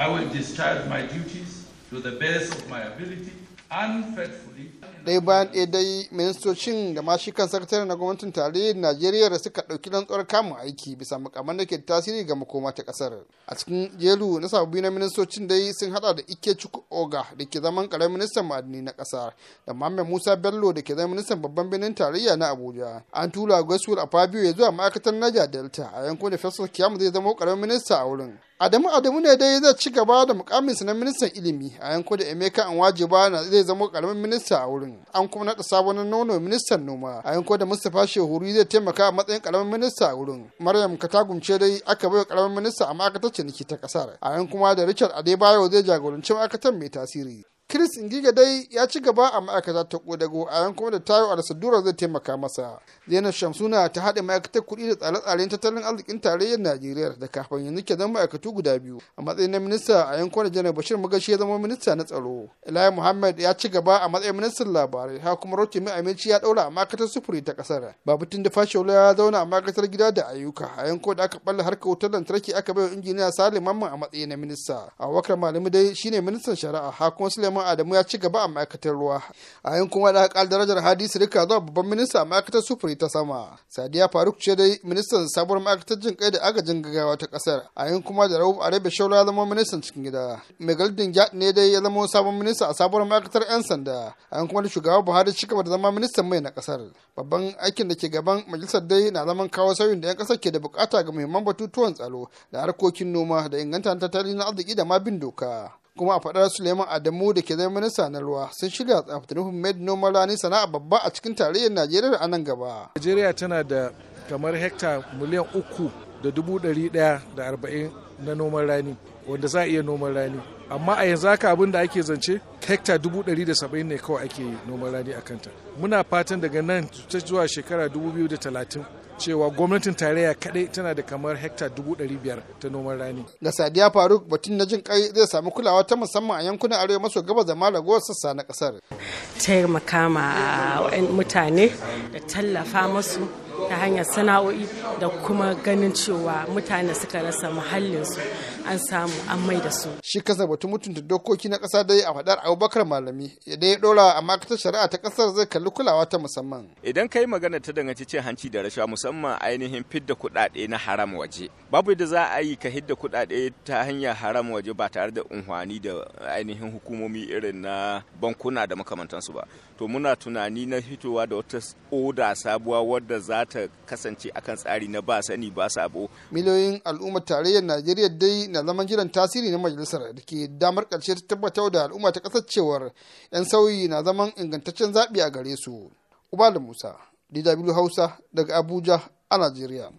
I will discharge my duties to the best of my ability unfaithfully. ɗaya bayan ɗaya dai ministocin da ma shi kan sakatare na gwamnatin tarayyar najeriya da suka ɗauki rantsuwar kamun aiki bisa makaman da ke tasiri ga makoma ta ƙasar a cikin jelu na sababbi na ministocin dai sun hada da ike cuku oga da ke zaman ƙaramin ministan ma'adini na ƙasa da muhammad musa bello da ke zaman ministan babban birnin tarayya na abuja an tura a fabio ya zuwa ma'aikatar naja delta a yankunan da fesal kiyamu zai zama ƙaramin minista a wurin Adamu Adamu ne dai zai ci gaba da mukaminsa na ministan ilimi a yanko da Emeka Anwajiba na zai zama karamin minista a wurin. An kuma naɗa sabon nono ministan noma a yanko da Mustapha Shehuru zai taimaka a matsayin karamin minista a wurin. Maryam Katagumce dai aka bai karamin minista a ma'aikatar ciniki ta kasar. A yan kuma da Richard Adebayo zai jagoranci ma'aikatar mai tasiri. Chris Ngiga dai ya ci gaba a ma'aikata ta kodago a yan kuma da tayo a sadura zai taimaka masa. Zainab Shamsuna ta haɗa ma'aikatar kuɗi da tsare-tsaren tattalin arzikin tarayyar Najeriya da kafin yanzu ke zama ma'aikatu guda biyu a matsayin na minista a yan da Janar Bashir Magashi ya zama minista na tsaro. Ilayi Muhammad ya ci gaba a matsayin ministan labarai ha kuma Rotimi Aminci ya ɗaura a ma'aikatar sufuri ta ƙasar. Babatun da Fashola ya zauna a ma'aikatar gida da ayyuka a yan da aka ɓalla harka wutar lantarki aka bai wa injiniya Salim Mamman a matsayin na minista. wakar Malami dai shine ministan shari'a ha kuma Suleiman Mamman Adamu ya ci gaba a ma'aikatar ruwa. A yin kuma da haƙar darajar Hadisu Rika zuwa babban minista a ma'aikatar sufuri ta sama. Sadiya Faruk ce dai ministan sabuwar ma'aikatar jin kai da agajin gaggawa ta kasar A yin kuma da Rauf Arabia Shaula ya zama ministan cikin gida. Megaldin Jat ne dai ya zama sabon minista a sabuwar ma'aikatar 'yan sanda. A yin kuma da shugaba Buhari ci gaba da zama ministan mai na kasar Babban aikin da ke gaban majalisar dai na zaman kawo sauyin da 'yan kasar ke da bukata ga muhimman batutuwan tsaro da harkokin noma da inganta tattalin arziki da ma bin doka. kuma a faɗar suleiman adamu da ke zama minista na ruwa sun shirya nufin made noman rani sana'a babba a cikin tarayyar najeriya a nan gaba najeriya tana da kamar hekta miliyan uku da dubu ɗari ɗaya da arba'in na noman rani wanda za a iya noman rani amma a yanzu haka abin da ake zance hekta dubu ɗari da saba'in ne kawai ake noman rani a kanta muna fatan daga nan ta zuwa shekara dubu biyu da talatin cewa gwamnatin tarayya kadai tana da kamar hekta dubu ɗari biyar ta noman rani. Ga Sadiya Faruk batun na jin kai zai sami kulawa ta musamman a yankunan arewa maso gabas da ma ragowar sassa na kasar Taimaka ma ah, mutane da tallafa masu. ta hanyar sana'o'i da kuma ganin cewa mutane suka rasa muhallinsu an samu an mai da su. Shi kasa batu mutunta dokoki na kasa dai a faɗar Abubakar Malami idan ya ɗora a ma'aikatar shari'a ta ƙasar zai kalli kulawa ta musamman. Idan ka yi magana ta danganci cin hanci da rashawa musamman ainihin fidda kuɗaɗe na haram waje. Babu yadda za a yi ka hidda kuɗaɗe ta hanyar haram waje ba tare da unhwani da ainihin hukumomi irin na bankuna da makamantansu ba. To muna tunani na fitowa da wata oda sabuwa wadda za ta kasance akan tsari na ba sani ba sabo. Miliyoyin al'ummar tarayyar Najeriya dai na zaman jiran tasiri na majalisar da ke damar ƙarshe ta tabbatar da al'umma ta ƙasar cewar 'yan sauyi na zaman ingantaccen zaɓi a gare su. Ubala Musa, DW Hausa daga Abuja a Najeriya.